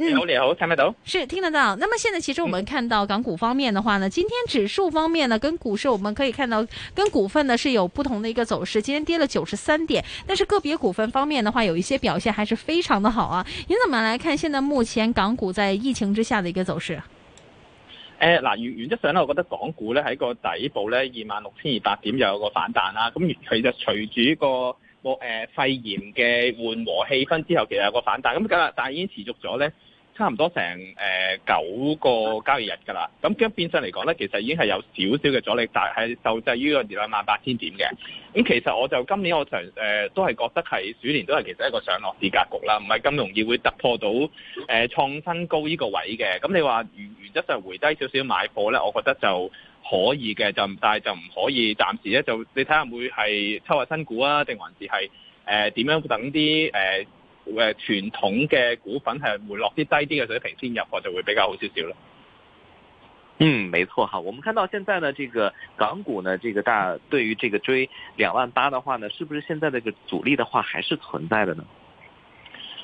你好，你好、嗯，聽得到？是聽得到。那麼現在其實我們看到港股方面的話呢，嗯、今天指數方面呢，跟股市我們可以看到，跟股份呢是有不同的一個走勢。今天跌了九十三點，但是個別股份方面的話，有一些表現還是非常的好啊。你怎麼來看現在目前港股在疫情之下的一個走勢？誒、呃，嗱、呃，原原則上呢我覺得港股呢喺個底部呢，二萬六千二百點，就有個反彈啦。咁，其實隨住呢個。個、呃、肺炎嘅緩和氣氛之後，其實有個反彈咁梗啦，但係已經持續咗咧，差唔多成誒九個交易日㗎啦。咁咁變相嚟講咧，其實已經係有少少嘅阻力，但係受制於個二萬八千點嘅。咁、嗯、其實我就今年我常誒、呃、都係覺得係鼠年都係其實係一個上落市格局啦，唔係咁容易會突破到誒、呃、創新高呢個位嘅。咁，你話原則上回低少少買貨咧，我覺得就。可以嘅就但係就唔可以，暫時咧就你睇下會係抽下新股啊，定還是係誒點樣，等啲誒誒傳統嘅股份係回落啲低啲嘅水平先入貨就會比較好少少啦。嗯，沒錯哈，我們看到現在呢，這個港股呢，這個大對於這個追兩萬八的話呢，是不是現在這個阻力的話，還是存在的呢？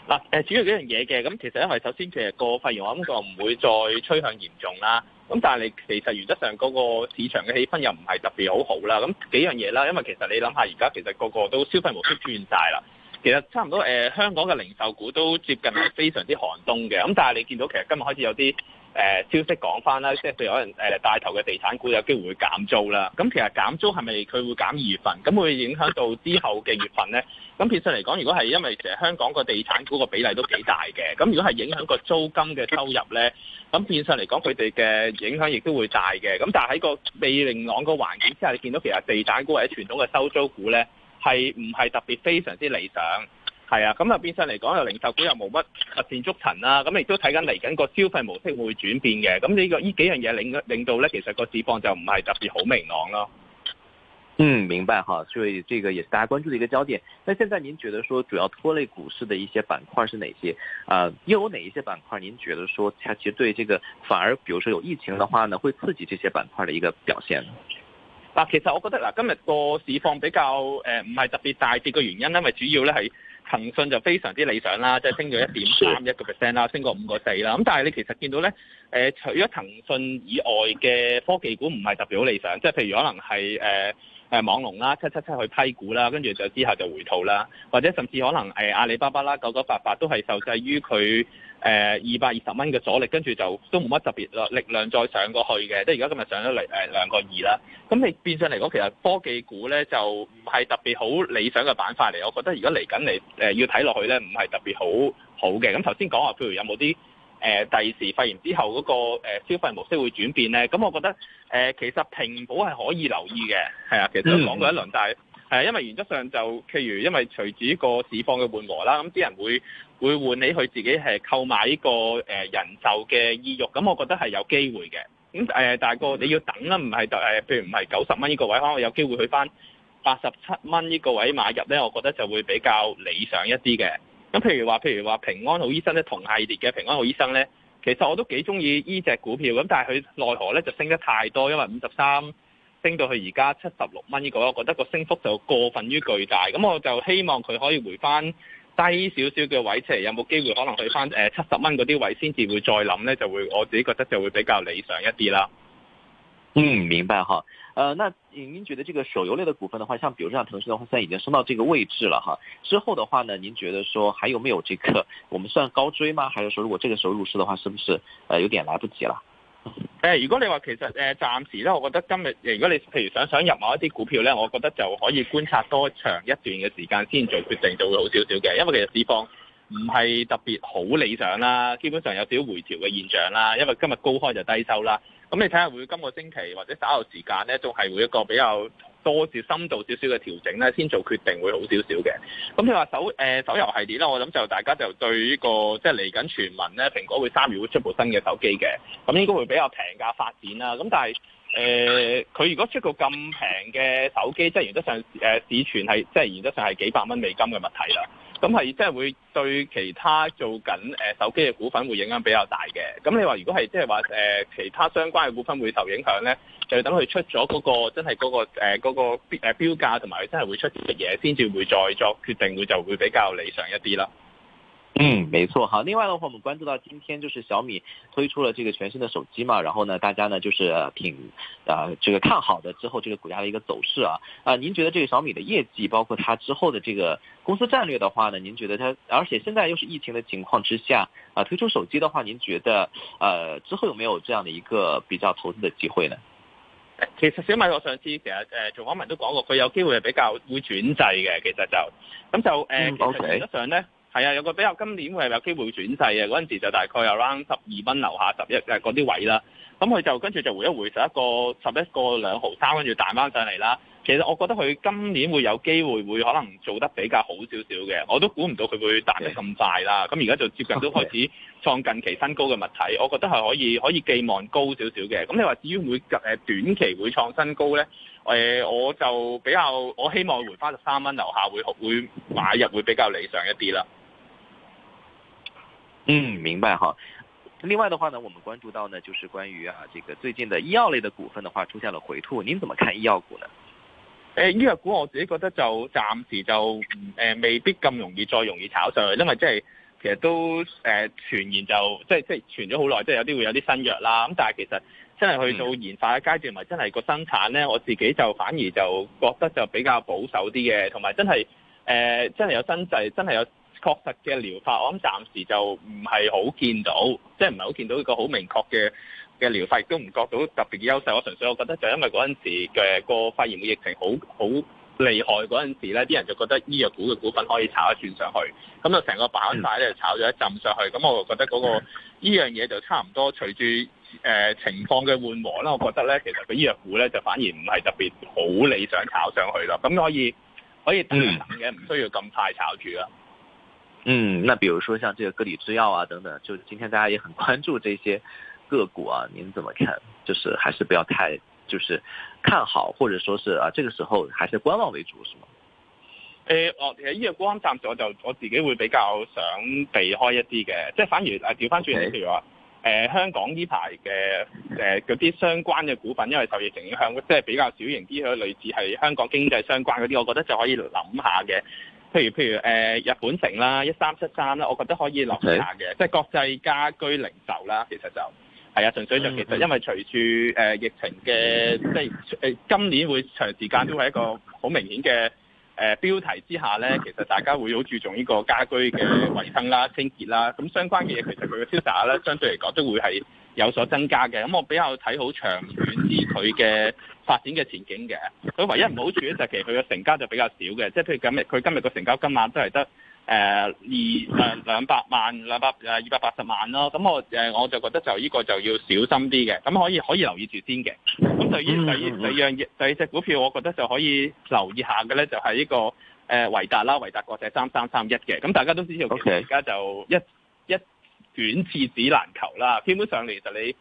啊誒、呃，其實有啲嘢嘅，咁其實因為首先其實個肺炎，我諗個唔會再趨向嚴重啦。咁但係你其實原則上嗰個市場嘅氣氛又唔係特別好好啦，咁幾樣嘢啦，因為其實你諗下而家其實個個都消費模式轉晒啦，其實差唔多，呃，香港嘅零售股都接近非常之寒冬嘅，咁但係你見到其實今日開始有啲。誒消息講翻啦，即係對可能誒帶頭嘅地產股有機會會減租啦。咁其實減租係咪佢會減二月份？咁會影響到之後嘅月份咧？咁變相嚟講，如果係因為其實香港個地產股個比例都幾大嘅，咁如果係影響個租金嘅收入咧，咁變相嚟講佢哋嘅影響亦都會大嘅。咁但係喺個未明朗個環境之下，你見到其實地產股或者傳統嘅收租股咧，係唔係特別非常之理想。係啊，咁啊變相嚟講，又零售股又冇乜建築層塵啦，咁亦都睇緊嚟緊個消費模式會轉變嘅，咁呢個呢幾樣嘢令令到咧，其實個市況就唔係特別好明朗咯。嗯，明白哈，所以這個也是大家關注的一個焦點。但現在您覺得說主要拖累股市的一些板塊是哪些？啊、呃，又有哪一些板塊您覺得說，它其實對這個反而，比如說有疫情的話呢，會刺激這些板塊的一個表現？嗱、啊，其實我覺得嗱，今日個市況比較誒唔係特別大跌嘅原因，因為主要咧係。騰訊就非常之理想啦，即係升咗一點三一個 percent 啦，升過五個四啦。咁但係你其實見到咧，誒除咗騰訊以外嘅科技股唔係特別好理想，即係譬如可能係誒誒網龍啦、七七七去批股啦，跟住就之後就回吐啦，或者甚至可能係阿里巴巴啦、九九八八都係受制於佢，誒二百二十蚊嘅阻力，跟住就都冇乜特別力力量再上過去嘅，即係而家今日上咗嚟誒兩個二啦。咁你變上嚟講，其實科技股咧就唔係特別好理想嘅板塊嚟，我覺得如果嚟緊嚟要睇落去咧，唔係特別好好嘅。咁頭先講話，譬如有冇啲誒第二時肺炎之後嗰個消費模式會轉變咧？咁我覺得誒、呃、其實平保係可以留意嘅，係啊，其實講過一輪，但係、嗯。誒，因為原則上就譬如，因為隨住呢個市況嘅緩和啦，咁啲人會會喚起佢自己係購買呢個誒人壽嘅意欲，咁我覺得係有機會嘅。咁誒，但係個你要等啦，唔係誒，譬如唔係九十蚊呢個位，可能我有機會去返八十七蚊呢個位買入咧，我覺得就會比較理想一啲嘅。咁譬如話，譬如話平安好醫生咧，同系列嘅平安好醫生咧，其實我都幾中意呢隻股票，咁但係佢奈何咧就升得太多，因為五十三。升到去而家七十六蚊呢個，我覺得個升幅就過分於巨大，咁我就希望佢可以回翻低少少嘅位出嚟，有冇機會可能去翻誒七十蚊嗰啲位先至會再諗呢，就會我自己覺得就會比較理想一啲啦。嗯，明白哈。誒、呃，那您覺得呢個手遊類的股份的話，像比如像騰訊的話，現在已經升到這個位置了哈。之後的話呢，您覺得說還有沒有這個我們算高追嗎？還是說如果這個時候入市的話，是不是誒有點來不及啦？誒，如果你話其實誒，暫時咧，我覺得今日，如果你譬如想想入某一啲股票咧，我覺得就可以觀察多長一段嘅時間先做決定，就會好少少嘅。因為其實市況唔係特別好理想啦，基本上有少少回調嘅現象啦。因為今日高開就低收啦，咁你睇下會今個星期或者稍後時間咧，都係會一個比較。多做深度少少嘅調整咧，先做決定會好少少嘅。咁你話手誒、呃、手遊系列咧，我諗就大家就對呢、這個即係嚟緊傳聞咧，蘋果會三月會出部新嘅手機嘅，咁、嗯、應該會比較平價發展啦。咁、嗯、但係誒，佢、呃、如果出個咁平嘅手機，即係原則上誒市傳係即係原則上係幾百蚊美金嘅物體啦。咁係即係會對其他做緊誒手機嘅股份會影響比較大嘅。咁你話如果係即係話其他相關嘅股份會受影響咧，就等佢出咗嗰、嗰個真係嗰、嗰個嗰、嗰個嗰個標價同埋佢真係會出嘅嘢，先至會再作決定，會就會比較理想一啲啦。嗯，沒錯哈。另外的話，我們關注到今天就是小米推出了這個全新的手機嘛，然後呢，大家呢就是挺啊、呃、這個看好的之後這個股價的一個走勢啊啊、呃。您覺得這個小米的業績，包括它之後的這個公司戰略的話呢？您覺得它，而且現在又是疫情的情況之下啊、呃，推出手機的話，您覺得呃之後有沒有這樣的一個比較投資的機會呢？其實小米我上次，我相知其實誒，做網民都講過，佢有機會係比較會轉制嘅。其實就咁就誒，呃嗯 okay、其實呢。係啊，有個比較，今年會係有機會轉勢啊！嗰陣時就大概有 around 十二蚊樓下十一誒嗰啲位啦，咁佢就跟住就回一回十一個十一個兩毫三，跟住彈翻上嚟啦。其實我覺得佢今年會有機會會可能做得比較好少少嘅，我都估唔到佢會彈得咁快啦。咁而家就接近都開始創近期新高嘅物體，我覺得係可以可以寄望高少少嘅。咁你話至於會誒短期會創新高咧？誒、呃，我就比較我希望回翻十三蚊樓下會會買入會比較理想一啲啦。嗯，明白哈。另外的話呢，我們關注到呢，就是關於啊，這個最近的醫藥類的股份的話，出現了回吐，您怎麼看醫藥股呢？誒，醫藥股我自己覺得就暫時就誒未必咁容易再容易炒上去，因為即係其實都誒、呃、傳言就即係即係傳咗好耐，即係有啲會有啲新藥啦。咁但係其實真係去到研發嘅階段，咪真係個生產呢，嗯、我自己就反而就覺得就比較保守啲嘅，同埋真係誒、呃、真係有新制，真係有。確實嘅療法，我諗暫時就唔係好見到，即係唔係好見到一個好明確嘅嘅療法，亦都唔覺到特別嘅優勢。我純粹我覺得就因為嗰陣時嘅、個肺炎嘅疫情好好厲害嗰陣時咧，啲人就覺得醫藥股嘅股份可以炒一轉上去，咁就成個板塊咧炒咗一浸上去，咁我就覺得嗰、個依樣嘢就差唔多隨住誒、呃、情況嘅緩和啦。我覺得咧，其實個醫藥股咧就反而唔係特別好理想炒上去咯。咁可以可以等一等嘅，唔、嗯、需要咁快炒住啦。嗯，那比如說像這個格里製藥啊等等，就今天大家也很關注這些個股啊，您怎麼看？就是還是不要太，就是看好，或者說是啊，這個時候還是觀望為主，是嗎？誒、呃，我其實呢個觀望暫時我就我自己會比較想避開一啲嘅，即係反而啊調翻轉，你譬 Okay. 如話誒、呃、香港呢排嘅誒嗰啲相關嘅股份，因為受疫情影響，即係比較小型啲，佢類似係香港經濟相關嗰啲，我覺得就可以諗下嘅。譬如譬如誒、呃、日本城啦一三七三啦，我覺得可以落一下嘅，Okay. 即係國際家居零售啦，其實就係啊，純粹就其實因為隨住誒、呃、疫情嘅即係、呃、今年會長時間都係一個好明顯嘅。誒、呃、標題之下呢，其實大家會好注重呢個家居嘅衛生啦、清潔啦，咁相關嘅嘢其實佢嘅銷售額呢，相對嚟講都會係有所增加嘅。咁我比較睇好長遠至佢嘅發展嘅前景嘅。佢唯一唔好處呢，就係，其實佢嘅成交就比較少嘅，即係譬如今日佢今日個成交金額都係得。誒、呃、二兩,兩百萬兩百二百八十萬咯，咁我、呃、我就覺得就呢個就要小心啲嘅，咁可以可以留意住先嘅。咁就依依第二樣第二隻股票，我覺得就可以留意下嘅咧，就係、是、呢個誒、呃、維達啦，維達國際三三三一嘅。咁大家都知知道，而家就一 Okay. 一,一卷廁紙難求啦，基本上嚟就你誒咩、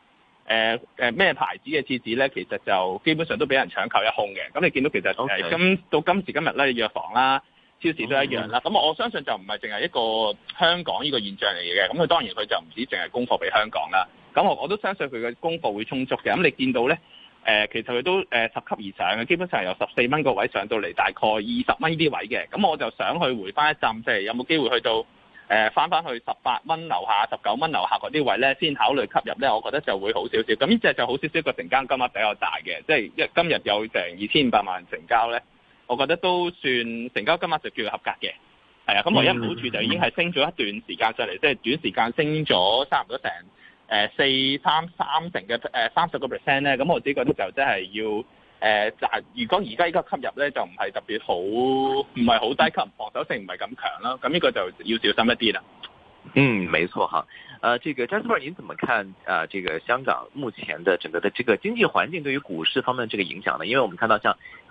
呃呃、牌子嘅廁紙咧，其實就基本上都俾人搶購一空嘅。咁你見到其實今 Okay.、呃、到今時今日咧藥房啦。超市都一樣啦，咁我相信就唔係淨係一個香港呢個現象嚟嘅，咁佢當然佢就唔止淨係供貨俾香港啦，咁我我都相信佢嘅供貨會充足嘅，咁你見到呢，呃、其實佢都誒拾、呃、級而上嘅，基本上由十四蚊個位上到嚟大概二十蚊呢啲位嘅，咁我就想去回翻一站即係有冇機會去到、呃、返翻翻去十八蚊樓下、十九蚊樓下嗰啲位呢？先考慮吸入呢，我覺得就會好少少，咁呢隻就好少少個成交金額比較大嘅，即係今日有成二千五百萬成交呢。我覺得都算成交金額就叫佢合格嘅，係啊，咁我一好處就已經係升咗一段時間出嚟，即係短時間升咗差唔多成誒四三三成嘅誒三十個 percent 咧。咁我自己覺得就真係要誒集、呃，如果而家依家吸入咧，就唔係特別好，唔係好低級防守性唔係咁強啦。咁呢個就要小心一啲啦。嗯，冇錯嚇。誒、呃，這個 Jasper，您怎麼看啊、呃？這個香港目前的整個的這個經濟環境對於股市方面這個影響呢？因為我們看到像。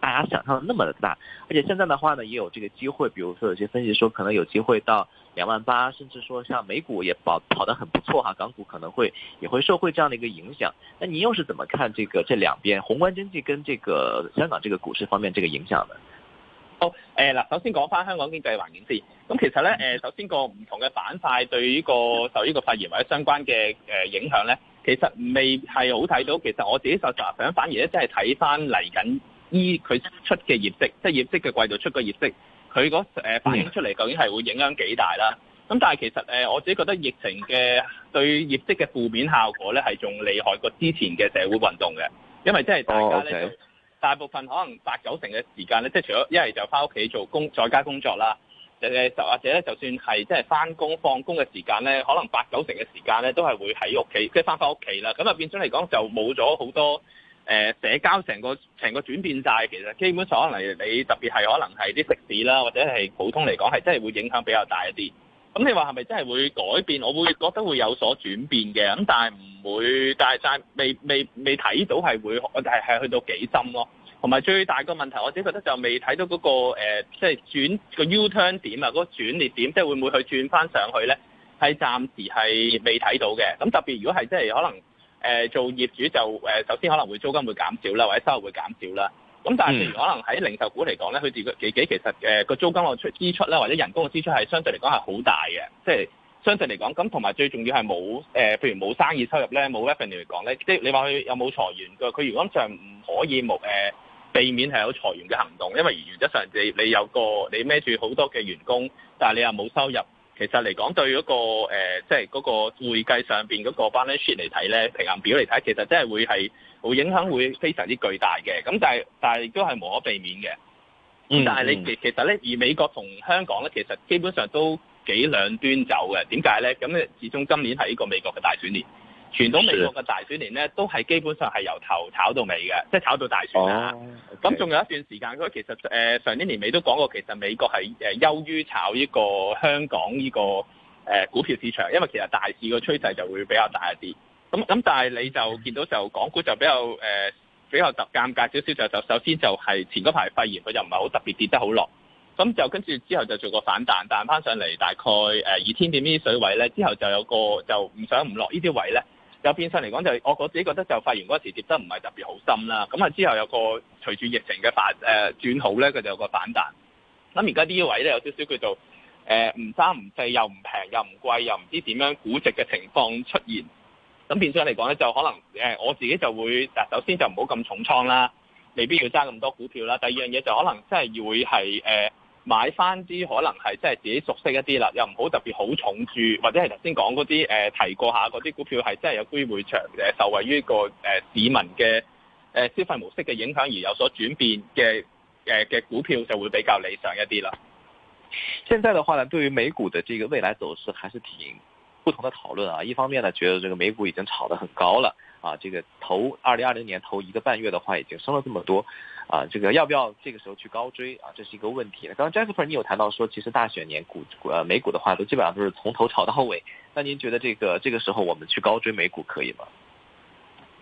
大家想象的那麼大，而且現在的話呢，也有這個機會，比如說有些分析說可能有機會到兩萬八，甚至說像美股也跑跑得很不錯哈，港股可能會也會受惠這樣的一個影響。那你又是怎麼看這個這兩邊宏觀經濟跟這個香港這個股市方面這個影響呢？好、哦，誒、呃、嗱，首先講翻香港經濟環境先，咁其實呢誒、呃，首先個唔同嘅板塊對呢個受呢個肺炎或者相關嘅誒、呃、影響呢，其實未係好睇到，其實我自己實質上反而咧真係睇翻嚟緊。依佢出嘅業績，即係業績嘅季度出嘅業績，佢嗰反映出嚟究竟係會影響幾大啦？咁但係其實誒，我自己覺得疫情嘅對業績嘅負面效果咧，係仲厲害過之前嘅社會運動嘅，因為即係大家咧，oh, okay. 大部分可能八九成嘅時間咧，即係除咗一係就翻屋企做工，在家工作啦，誒就或者咧，就算係即係翻工放工嘅時間咧，可能八九成嘅時間咧，都係會喺屋企，即係翻返屋企啦。咁啊變相嚟講就冇咗好多。誒社交成個成個轉變曬，其實基本上可能你特別係可能係啲食肆啦，或者係普通嚟講係真係會影響比較大一啲。咁你話係咪真係會改變？我會覺得會有所轉變嘅，咁但係唔會，但係未未未睇到係會，係係去到幾深咯。同埋最大個問題，我自己覺得就未睇到嗰、那個誒，即、呃、係、就是、轉個 U turn 點啊，嗰、那個轉捩點，即、就、係、是、會唔會去轉翻上去呢？係暫時係未睇到嘅。咁特別如果係即係可能。誒、呃、做業主就誒、呃，首先可能會租金會減少啦，或者收入會減少啦。咁、嗯嗯、但係譬如可能喺零售股嚟講咧，佢自自己其實誒個、呃、租金嘅出支出呢，或者人工嘅支出係相對嚟講係好大嘅，即、就、係、是、相對嚟講。咁同埋最重要係冇誒，譬如冇生意收入咧，冇 revenue 嚟講咧，即、就是、你話佢有冇裁員㗎？佢如果上唔可以無誒、呃、避免係有裁員嘅行動，因為原則上你你有個你孭住好多嘅員工，但係你又冇收入。其實嚟講，那個，對嗰個即係嗰個會計上邊嗰個 balance sheet 嚟睇咧，平衡表嚟睇，其實真係會係會影響會非常之巨大嘅。咁但係但係亦都係無可避免嘅。嗯，嗯，但係你其其實咧，而美國同香港咧，其實基本上都幾兩端走嘅。點解咧？咁咧，始終今年係呢個美國嘅大選年。傳統美國嘅大選年咧，都係基本上係由頭炒到尾嘅，即係炒到大選啦。咁仲有一段時間，佢其實、呃、上年年尾都講過，其實美國係誒優於炒呢個香港呢個、呃、股票市場，因為其實大市個趨勢就會比較大一啲。咁咁但係你就見到就港股就比較誒、呃、比較特尷尬少少，就就首先就係前嗰排肺炎佢就唔係好特別跌得好落，咁就跟住之後就做個反彈，彈翻上嚟大概誒二千點呢啲水位咧，之後就有個就唔上唔落呢啲位咧。有變相嚟講，就我我自己覺得就發現嗰時跌得唔係特別好深啦。咁啊之後有個隨住疫情嘅反、呃、轉好呢，佢就有個反彈。咁而家呢一位呢，有少少叫做誒唔三唔四、又唔平又唔貴又唔知點樣估值嘅情況出現。咁變相嚟講呢，就可能誒、呃、我自己就會，嗱首先就唔好咁重倉啦，未必要揸咁多股票啦。第二樣嘢就可能真係要會係買翻啲可能係即係自己熟悉一啲啦，又唔好特別好重注，或者係頭先講嗰啲誒提過下嗰啲股票係真係有機會長誒受惠於個誒、呃、市民嘅誒消費模式嘅影響而有所轉變嘅誒嘅股票就會比較理想一啲啦。現在嘅話咧，對於美股嘅這個未來走勢，還是挺不同的討論啊。一方面咧，覺得這個美股已經炒得很高了。啊，這個頭二零二零年頭一個半月的話，已經升了這麼多，啊，這個要不要這個時候去高追啊？這是一個問題。剛剛 Jasper 你有談到說，其實大選年股，呃美股的話都基本上都是從頭炒到後尾。那您覺得這個這個時候我們去高追美股可以嗎？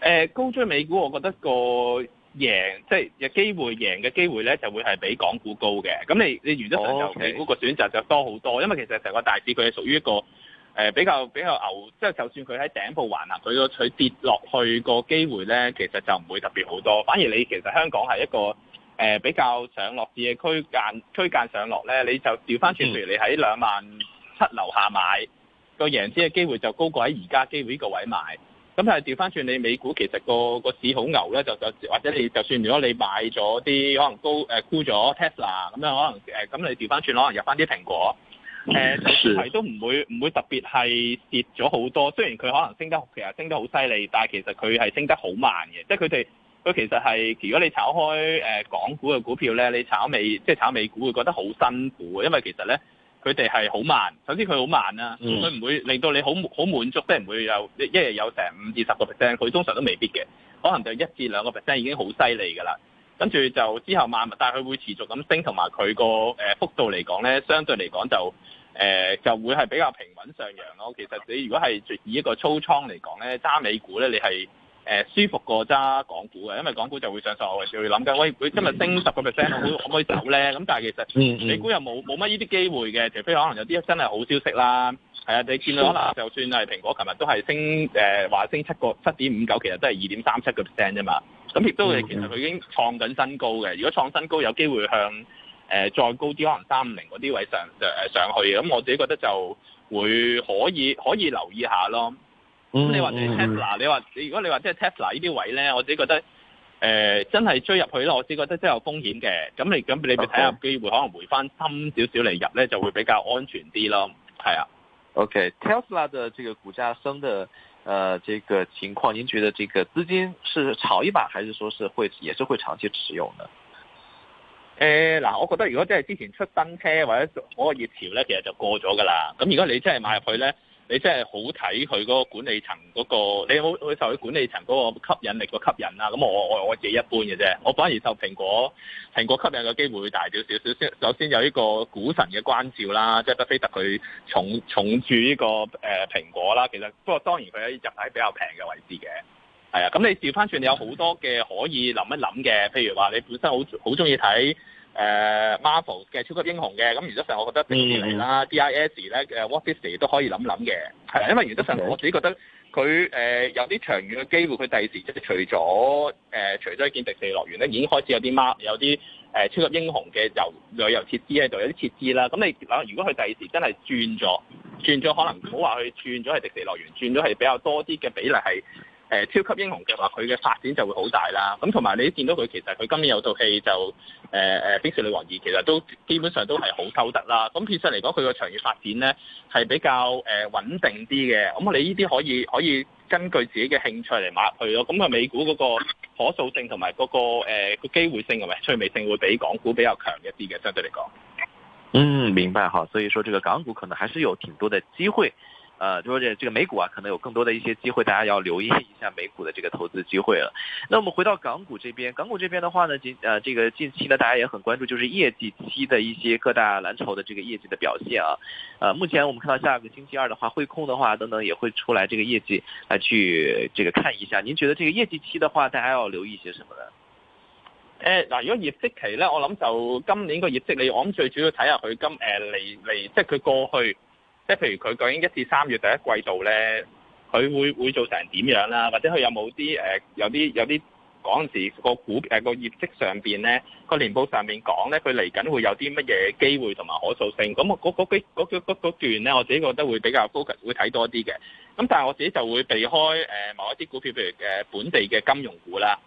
呃高追美股我覺得個贏即係、就是、有機會贏嘅機會呢就會係比港股高嘅。咁你你原則上有美股個選擇就多好多，哦 okay. 因為其實成個大市佢係屬於一個。誒、呃、比較比較牛，即、就、係、是、就算佢喺頂部橫行，佢個佢跌落去個機會咧，其實就唔會特別好多。反而你其實香港係一個誒、呃、比較上落嘅區間區間上落咧，你就調翻轉，譬如你喺兩萬七樓下買個贏資嘅機會就高過喺而家機會呢個位買。咁但係調翻轉你美股其實、個個市好牛咧，就就或者你就算如果你買咗啲可能高誒沽、呃、咗 Tesla 咁樣，可能誒咁、呃、你調翻轉，可能入翻啲蘋果。誒，係、嗯呃、都唔會唔會特別係跌咗好多。雖然佢可能升得其實升得好犀利，但係其實佢係升得好慢嘅。即係佢哋佢其實係，如果你炒開誒、呃、港股嘅股票咧，你炒美即係炒美股會覺得好辛苦，因為其實咧佢哋係好慢。首先佢好慢啦、啊，佢唔、嗯、會令到你好好滿足，即係唔會有一日有成五至十個 percent，佢通常都未必嘅。可能就一至兩個 percent 已經好犀利㗎啦。跟住就之後慢，但係佢會持續咁升，同埋佢個誒幅度嚟講咧，相對嚟講就。誒、呃、就會係比較平穩上揚咯。其實你如果係以一個粗倉嚟講咧，揸美股咧，你係誒、呃、舒服過揸港股嘅，因為港股就會上上落落，要諗緊，喂佢今日升十個 percent，可唔可以走咧？咁但係其實美股又冇冇乜呢啲機會嘅，除非可能有啲真係好消息啦。係啊，你見到啦，就算係蘋果都係升，琴日都係升誒，話升七個七點五九，59, 其實都係二點三七個 percent 啫嘛。咁亦都係 Okay. 其實佢已經創緊新高嘅。如果創新高，有機會向。誒、呃，再高啲可能三五零嗰啲位上誒、呃、上去嘅，咁、嗯、我自己覺得就會可以可以留意下咯。咁、嗯、你話你 Tesla，你話你如果你話即係 Tesla 呢啲位咧，我自己覺得誒、呃、真係追入去咧，我自己覺得真係有風險嘅。咁你咁你哋睇下機會，Okay. 可能回翻深少少嚟入咧，就會比較安全啲咯。係啊。OK，Tesla、okay, 的這個股價升的誒、呃、這個情況，你覺得這個資金是炒一把，還是說是會也是會長期持有呢？誒嗱、欸，我覺得如果真係之前出新車或者嗰個熱潮咧，其實就過咗噶啦。咁如果你真係買入去咧，你真係好睇佢嗰個管理層嗰、嗰個，你有冇會受佢管理層嗰個吸引力個吸引啊？咁我我我自己一般嘅啫，我反而受蘋果蘋果吸引嘅機會會大少少少先。首先有呢個股神嘅關照啦，即係巴菲特佢重重注呢、呢個誒、呃、蘋果啦。其實不過當然佢喺入喺比較平嘅位置嘅。係啊，咁你調翻轉，你有好多嘅可以諗一諗嘅。譬如話，你本身好好中意睇誒 Marvel 嘅超級英雄嘅咁，原則上我覺得迪士尼啦、D.I.S 咧、嗯、Walt Disney、呃、都可以諗諗嘅。係啊，因為原則上我自己覺得佢誒、呃、有啲長遠嘅機會，佢第二時即係除咗誒除咗一間迪士尼樂園咧，已經開始有啲 Mar 有啲誒超級英雄嘅遊旅遊設施喺度，有啲設置啦。咁你諗，如果佢第二時真係轉咗，轉咗可能唔好話佢轉咗係迪士尼樂園，轉咗係比較多啲嘅比例係。誒超級英雄嘅話，佢嘅發展就會好大啦。咁同埋你見到佢其實佢今年有套戲就誒誒、呃《冰雪女王二》，其實都基本上都係好收得啦。咁其實嚟講佢個長遠發展咧係比較誒、呃、穩定啲嘅。咁我哋呢啲可以可以根據自己嘅興趣嚟買入去咯。咁啊，美股嗰個可塑性同埋嗰個誒機、呃、機會性係咪趣味性會比港股比較強一啲嘅，相對嚟講。嗯，明白吓。所以說這個港股可能還是有挺多嘅機會。呃，說這這個美股啊，可能有更多的一些機會，大家要留意一下美股的這個投資機會了。那我們回到港股這邊，港股這邊的話呢，近呃這個近期呢，大家也很關注，就是業績期的一些各大藍籌的這個業績的表現啊。呃，目前我們看到下個星期二的話，匯控的話等等也會出來這個業績來去這個看一下。您覺得這個業績期的話，大家要留意些什麼呢？誒、呃，嗱、呃，如果業績期呢，我諗就今年個業績你，我們最主要睇下佢今誒你你即係佢過去。即係譬如佢究竟一至三月第一季度咧，佢會，會做成點樣啦？或者佢有冇啲有啲有啲嗰陣時個股誒、個業績上面咧、個年報上面講咧，佢嚟緊會有啲乜嘢機會同埋可塑性？咁我嗰嗰嗰嗰段咧，我自己覺得會比較 focus 會睇多啲嘅。咁但係我自己就會避開誒、呃、某一啲股票，譬如誒本地嘅金融股啦。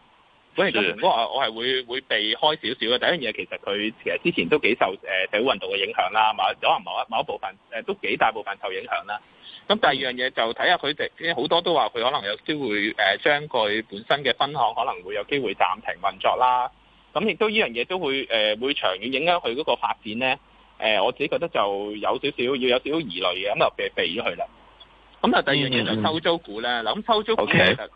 所以咁我我係會會避開少少嘅。第一樣嘢其實佢其實之前都幾受誒社會運動嘅影響啦，或可能某一某一部分誒、呃、都幾大部分受影響啦。咁第二樣嘢就睇下佢哋，好多都話佢可能有機會誒將佢本身嘅分行可能會有機會暫停運作啦。咁亦都呢樣嘢都會誒、呃、會長遠影響佢嗰個發展咧。誒、呃，我自己覺得就有少少要有少少疑慮嘅，咁就避避咗佢啦。咁啊，第二樣嘢就收租股咧。嗱，咁收租股其實。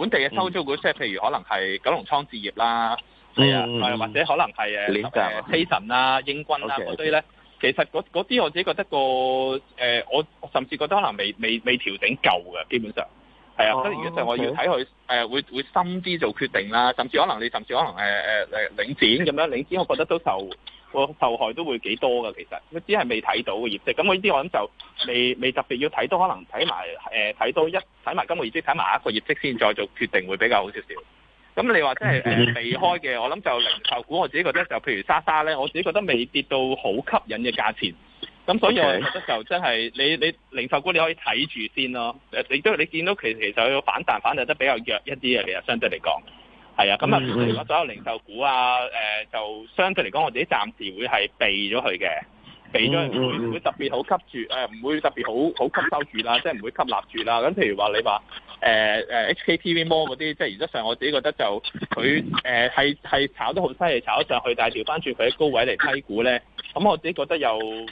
本地嘅收租股，即係譬如可能係九龍倉置業啦，係、嗯、啊，或者可能係誒誒希慎啦、嗯啊、英軍啦嗰啲咧，其實嗰啲我自己覺得個誒、呃，我甚至覺得可能未未未調整夠嘅，基本上係啊，所以、oh, okay. 如果就我要睇佢誒會會深啲做決定啦，甚至可能你甚至可能誒誒誒領展咁樣，領展我覺得都受。個受害都會幾多㗎，其實佢只係未睇到嘅業績。咁我呢啲我諗就未未特別要睇，到，可能睇埋誒睇到一睇埋今個業績睇埋一個業績先再做決定會比較好少少。咁你話即係誒未開嘅，我諗就零售股，我自己覺得就譬如莎莎咧，我自己覺得未跌到好吸引嘅價錢。咁所以我覺得，就真係你你零售股你可以睇住先咯。你都你見到其其實佢反彈反彈得比較弱一啲嘅，其實相對嚟講。係啊，咁啊，例如話所有零售股啊，就相對嚟講，我自己暫時會係避咗佢嘅，避咗佢唔會特別好吸住，唔、呃、唔會特別好好吸收住啦，即係唔會吸納住啦。咁譬如話你話 HKTV Mall 嗰啲，即係原則上我自己覺得就佢係係炒得好犀利，炒得上去，但係調翻轉佢喺高位嚟批股咧，咁我自己覺得又唔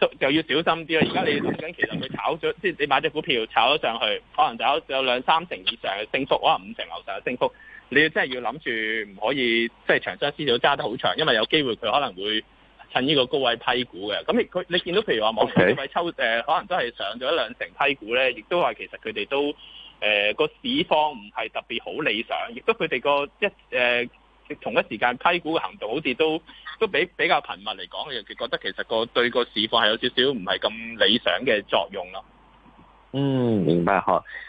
都、嗯、就，就要小心啲啦。而家你諗緊其實佢炒咗，即係你買隻股票炒咗上去，可能就有有兩三成以上嘅升幅，可能五成樓上嘅升幅。你真要真係要諗住唔可以，即、就、係、是、長線思潮揸得好長，因為有機會佢可能會趁呢個高位批股嘅。咁佢你，你見到譬如話網上低位抽，Okay. 可能都係上咗一兩成批股咧，亦都話其實佢哋都誒、呃、個市況唔係特別好理想，亦都佢哋個一誒、呃、同一時間批股嘅行動好，好似都都比比較頻密嚟講，其實佢覺得其實個對個市況係有少少唔係咁理想嘅作用咯。嗯，明白嚇。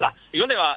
嗱，如果你話誒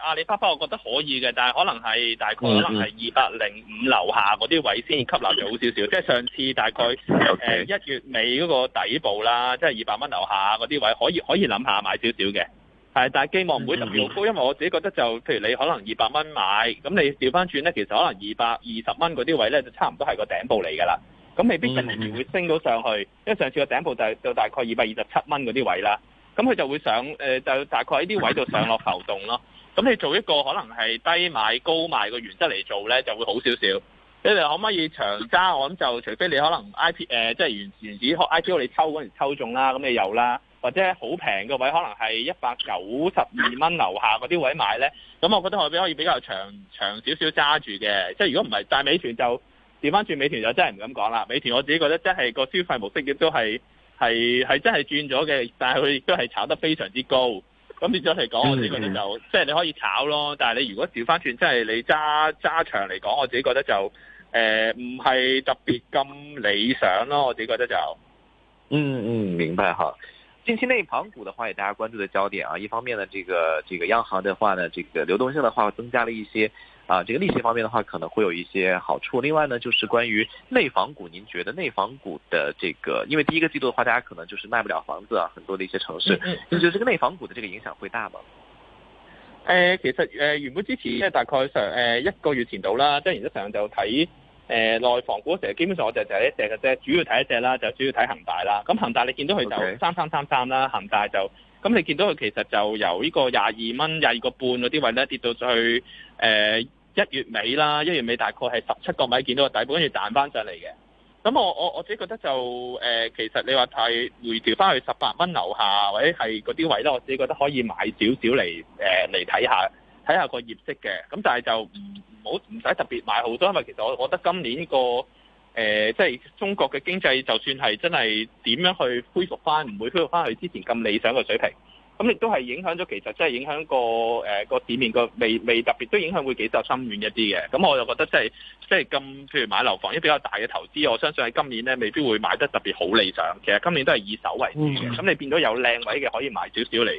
阿里巴巴，呃啊、你爸爸我覺得可以嘅，但係可能係大概可能係二百零五樓下嗰啲位先吸納咗好少少，mm hmm. 即係上次大概誒一 Okay.、呃、月尾嗰個底部啦，即係二百蚊樓下嗰啲位可，可以可以諗下買少少嘅。係，但係期望唔會特別高，mm hmm. 因為我自己覺得就譬如你可能二百蚊買，咁你調翻轉咧，其實可能二百二十蚊嗰啲位咧，就差唔多係個頂部嚟㗎啦。咁未必仍然會升到上去，mm hmm. 因為上次個頂部就就大概二百二十七蚊嗰啲位啦。咁佢就會上，誒就大概喺呢啲位度上落浮動咯。咁你做一個可能係低買高賣嘅原則嚟做呢，就會好少少。你哋可唔可以長揸？我諗就除非你可能 I P 誒、呃，即、就、係、是、原原始 IPO，你抽嗰陣抽中啦，咁你有啦。或者好平嘅位，可能係一百九十二蚊樓下嗰啲位買呢。咁我覺得我哋可以比較長長少少揸住嘅。即係如果唔係但美團就調翻轉，美團就真係唔敢講啦。美團我自己覺得真係個消費模式亦都係。係係真係轉咗嘅，但係佢亦都係炒得非常之高。咁變咗嚟講，我哋覺得就、嗯、即係你可以炒咯，但係你如果調翻轉，即係你揸揸長嚟講，我自己覺得就誒唔係特別咁理想咯。我自己覺得就嗯嗯明白嚇。近期內盤股的話，有大家關注的焦點啊。一方面呢，這個這個央行嘅話呢，這個流動性的話增加了一些，啊，這個利息方面的話可能會有一些好處。另外呢，就是關於內房股，您覺得內房股的這個，因為第一個季度的話，大家可能就是賣不了房子啊，很多的一些城市，嗯、就覺得這個內房股的這個影響會大嗎？呃、其實、呃、原本之前大概上、呃、一個月前到啦，即係實質上就睇誒、呃、內房股嗰時候，基本上我就就一隻嘅啫，主要睇一隻啦，就主要睇恒大啦。咁恒大你見到佢就三三三三啦，Okay. 恒大就咁你見到佢其實就由呢個廿二蚊廿二個半嗰啲位呢，跌到去、呃一月尾啦，一月尾大概係十七個米見到個底部，跟住彈翻上嚟嘅。咁我我我自己覺得就誒、呃，其實你話太回調翻去十八蚊樓下或者係嗰啲位咧，我自己覺得可以買少少嚟嚟睇下睇下個業績嘅。咁但係就唔唔好唔使特別買好多，因為其實我覺得今年呢、這個誒，即、呃、係、就是、中國嘅經濟，就算係真係點樣去恢復翻，唔會恢復翻去之前咁理想嘅水平。咁亦都係影響咗，其實即係影響個誒個市面個未未特別，都影響會幾受深遠一啲嘅。咁我就覺得即係即係咁譬如買樓房，一樣比較大嘅投資，我相信喺今年咧未必會買得特別好理想。其實今年都係以守為主嘅。咁你變咗有靚位嘅可以買少少嚟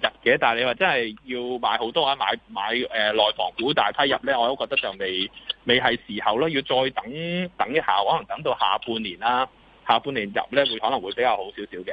入嘅，但係你話真係要買好多啊買買誒、呃、內房股大批入咧，我都覺得就未未係時候咯，要再等等一下，可能等到下半年啦，下半年入咧會可能會比較好少少嘅。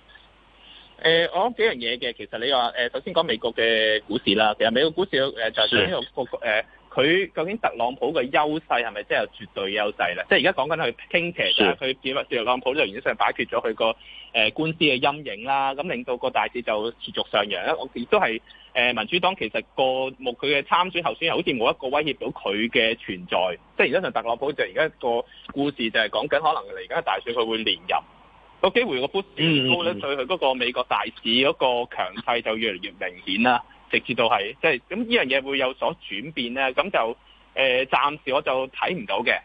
誒，我、呃哦、幾樣嘢嘅，其實你話、呃、首先講美國嘅股市啦，其實美國股市就係呢個佢究竟特朗普嘅優勢係咪真係絕對優勢咧？的即係而家講緊佢傾斜，即係佢只特朗普就理論上擺脫咗佢個官司嘅陰影啦，咁令到個大市就持續上揚。我亦都係、呃、民主黨其實、那個目，佢嘅參選候選人好似冇一個威脅到佢嘅存在，即係而家上特朗普就而家個故事就係講緊可能佢而家大選佢會連任。個機會個波 u s 高咧，對佢嗰個美國大市嗰個強勢就越嚟越明顯啦，直至到係即係咁呢樣嘢會有所轉變呢？咁就誒暫、呃、時我就睇唔到嘅，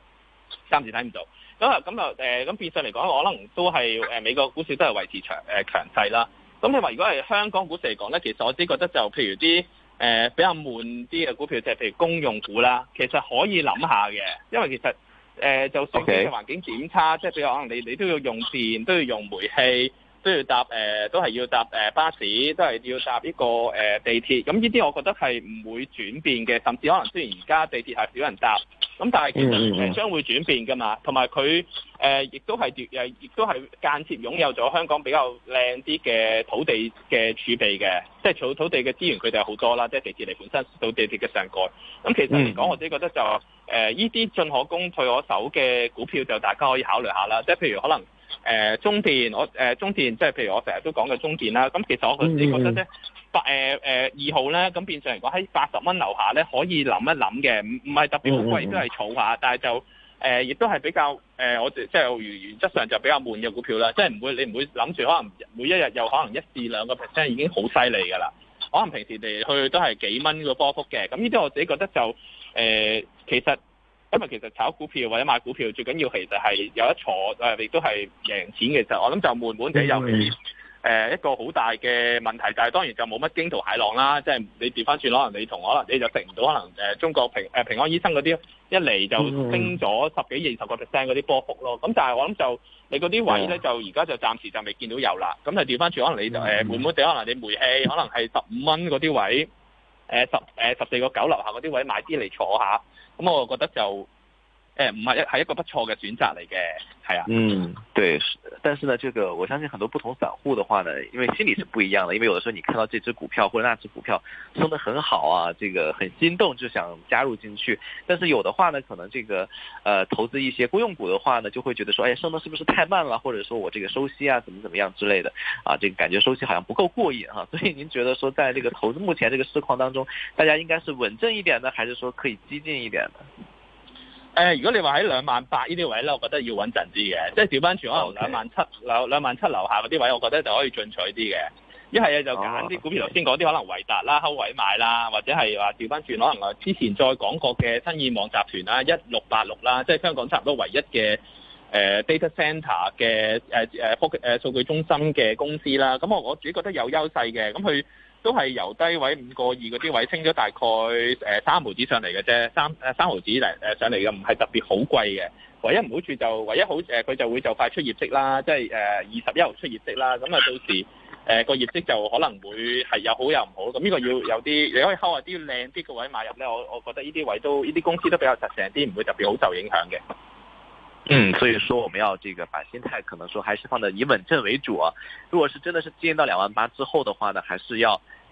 暫時睇唔到。咁啊咁啊咁變相嚟講，可能都係、呃、美國股市都係維持強誒強勢啦。咁你話如果係香港股市嚟講咧，其實我只覺得就譬如啲誒、呃、比較悶啲嘅股票，就係、是、譬如公用股啦，其實可以諗下嘅，因為其實。誒、呃、就生活嘅環境檢測，即係比如可能你你都要用電，都要用煤氣，都要搭誒、呃，都係要搭、呃、巴士，都係要搭呢個、呃、地鐵。咁呢啲我覺得係唔會轉變嘅，甚至可能雖然而家地鐵係少人搭。咁、嗯嗯嗯、但係其實將將會轉變噶嘛，同埋佢誒亦都係亦亦都係間接擁有咗香港比較靚啲嘅土地嘅儲備嘅，即係土土地嘅資源佢哋好多啦，即係地鐵嚟本身到地鐵嘅上蓋。咁、嗯嗯嗯、其實嚟講，我自己覺得就誒呢啲進可攻退可守嘅股票，就大家可以考慮下啦。即係譬如可能。誒、呃、中電，我誒、呃、中電，即係譬如我成日都講嘅中電啦。咁其實我自己覺得咧，八誒誒二號咧，咁變相嚟講喺八十蚊樓下咧，可以諗一諗嘅，唔唔係特別好貴，嗯嗯、也都係儲下。但係就誒，亦、呃、都係比較誒，我哋、呃、即係原原則上就比較悶嘅股票啦。即係唔會你唔會諗住可能每一日又可能一至兩個 percent 已經好犀利㗎啦。可能平時嚟去都係幾蚊個波幅嘅。咁呢啲我自己覺得就誒、呃，其實。因為其實炒股票或者買股票最緊要其實係有得坐誒，亦都係贏錢嘅時候，我諗就悶悶地有啲誒一個好大嘅問題、就係，但係當然就冇乜驚濤駭浪啦。即、就、係、係、你調翻轉，可能你同可能你就食唔到，可能誒中國平誒平安醫生嗰啲一嚟就升咗十幾二十個 percent 嗰啲波幅咯。咁但係我諗就你嗰啲位咧，就而家就暫時就未見到有啦。咁就調翻轉，可能你就誒、呃呃嗯呃、悶悶地，可能你煤氣可能係、呃、十五蚊嗰啲位誒十誒十四個九樓下嗰啲位買啲嚟坐下。咁我覺得就。哎，唔係一係一個不錯嘅選擇嚟嘅，係、哎、啊，嗯，對，但是呢，這個我相信很多不同散戶的話呢，因為心理是不一樣的，因為有的時候你看到這隻股票或者那隻股票升得很好啊，這個很心動就想加入進去，但是有的話呢，可能這個，呃，投資一些公用股的話呢，就會覺得說，哎，升得是不是太慢了？或者說我這個收息啊，怎麼怎麼樣之類的，啊，這個感覺收息好像不夠過癮啊，所以您覺得說，在這個投資目前這個市況當中，大家應該是穩陣一點呢，還是說可以激進一點呢？如果你話喺兩萬八呢啲位咧，我覺得要穩陣啲嘅，即係調翻轉可能兩萬七樓兩萬七樓下嗰啲位，我覺得就可以進取啲嘅。一係啊，就揀啲股票，頭先講啲可能維達啦、高位買啦，或者係話調翻轉可能之前再講過嘅新意網集團啦、一六八六啦，即、就、係、是、香港集多唯一嘅誒、呃、data c e n t e r 嘅誒誒、呃、科數據中心嘅公司啦。咁我我自己覺得有優勢嘅，咁佢。都係由低位五個二嗰啲位清咗大概誒三毫紙上嚟嘅啫，三誒三毫紙嚟誒上嚟嘅，唔係特別好貴嘅。唯一唔好處就，唯一好誒佢就會就快出業績啦，即係誒二十一號出業績啦。咁啊到時誒個、呃、業績就可能會係有好有唔好。咁呢個要有啲你可以拋下啲靚啲個位買入咧。我我覺得呢啲位都呢啲公司都比較實淨啲，唔會特別好受影響嘅。嗯，所以說我們要這個把心態可能說還是放在以穩陣為主啊。如果是真的是跌到兩萬八之後的話呢，還是要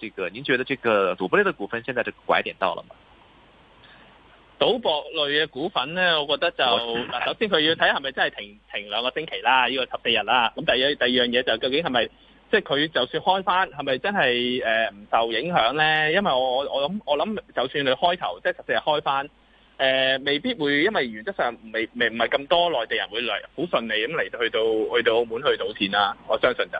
這個，您覺得這個賭博類的股份現在這個拐點到了嗎？賭博類嘅股份呢，我覺得就嗱， 首先佢要睇係咪真係停停兩個星期啦，呢個十四日啦。咁第二第二樣嘢就究竟係咪，即係佢就算開翻，係咪真係誒唔受影響呢？因為我我我諗我諗，就算，佢，你開頭即係十四日開翻，誒、呃、未必會，因為原則上未未唔係咁多內地人會嚟，好順利咁嚟到去到去到澳門去賭錢啦。我相信就。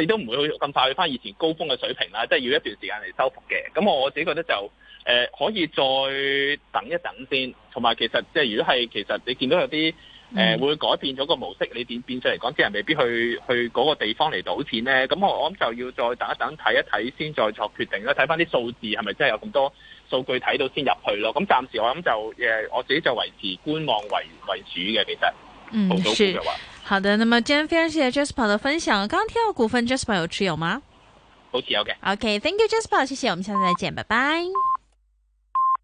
你都唔會去咁快去翻以前高峰嘅水平啦，即係要一段時間嚟收復嘅。咁我自己覺得就誒、呃、可以再等一等先。同埋其實即係如果係其實你見到有啲誒、呃、會改變咗個模式，你點變，變出嚟講，啲人未必去去嗰個地方嚟賭錢咧。咁我我諗就要再等一等，睇一睇先再作決定啦。睇翻啲數字係咪真係有咁多數據睇到先入去咯。咁暫時我諗就誒、呃、我自己就維持觀望為為主嘅，其實冇做股嘅。好的，那麼今天非常謝謝 Jasper 的分享。剛剛提到股份，Jasper 有持有嗎？有持有，OK。OK，Thank you，Jasper，謝謝，我們下次再見，拜拜。